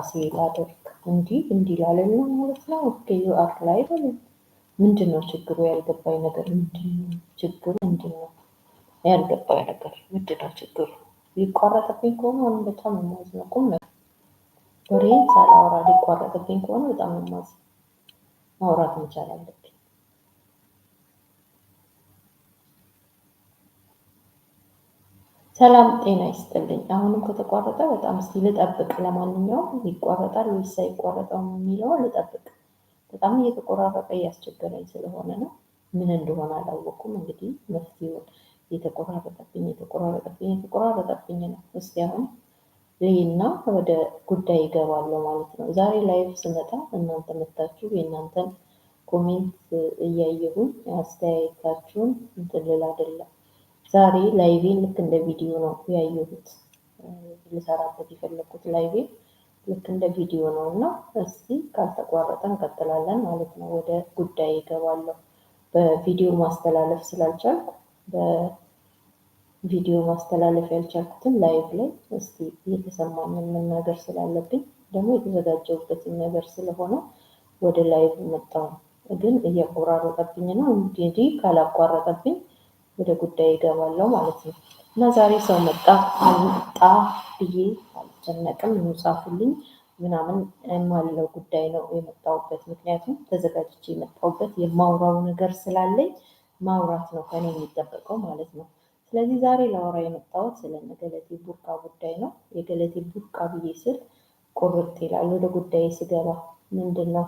እንቅስቃሴ ላደርግ እንዲህ እንዲህ ላለና ማለት ነው። ኦኬ ዩ አር ላይ ምንድን ነው ችግሩ? ያልገባኝ ነገር ምንድን ነው ችግሩ? ምንድን ነው ያልገባኝ ነገር ምንድን ነው ችግሩ? ሊቋረጥብኝ ከሆነ አሁንም በጣም የማዝ ነው። ቁም ነገር ወሬ ሳላወራ ሊቋረጥብኝ ከሆነ በጣም የማዝ ማውራት መቻል አለብን። ሰላም ጤና ይስጥልኝ። አሁንም ከተቋረጠ በጣም እስኪ ልጠብቅ። ለማንኛውም ይቋረጣል ወይስ አይቋረጠውም የሚለው ልጠብቅ። በጣም እየተቆራረጠ እያስቸገረኝ ስለሆነ ነው። ምን እንደሆነ አላወኩም። እንግዲህ መፍትሄውን የተቆራረጠብኝ እየተቆራረጠብኝ እየተቆራረጠብኝ ነው። እስኪ አሁን ልይና ወደ ጉዳይ ይገባለሁ ማለት ነው። ዛሬ ላይፍ ስመጣ እናንተ መታችሁ የእናንተን ኮሜንት እያየሁኝ አስተያየታችሁን እንትን ልል አይደለም ዛሬ ላይቬ ልክ እንደ ቪዲዮ ነው ያየሁት። ልሰራበት የፈለግኩት ላይቬ ልክ እንደ ቪዲዮ ነው እና እስቲ ካልተቋረጠ እንቀጥላለን ማለት ነው። ወደ ጉዳይ ይገባለሁ። በቪዲዮ ማስተላለፍ ስላልቻልኩ በቪዲዮ ማስተላለፍ ያልቻልኩትን ላይቭ ላይ እስቲ የተሰማኝን መናገር ስላለብኝ ደግሞ የተዘጋጀሁበትን ነገር ስለሆነ ወደ ላይቭ መጣው ግን እያቆራረጠብኝ ነው እንግዲህ ካላቋረጠብኝ ወደ ጉዳይ ይገባለው ማለት ነው። እና ዛሬ ሰው መጣ አልመጣ ብዬ አልጨነቅም። ጻፉልኝ ምናምን የማለው ጉዳይ ነው የመጣውበት ምክንያቱም ተዘጋጅቼ የመጣውበት የማውራው ነገር ስላለኝ ማውራት ነው ከኔ የሚጠበቀው ማለት ነው። ስለዚህ ዛሬ ላወራ የመጣሁት ስለ ገለቴ ቡርቃ ጉዳይ ነው። የገለቴ ቡርቃ ብዬ ስል ቁርጥ ይላል። ወደ ጉዳይ ስገባ ምንድን ነው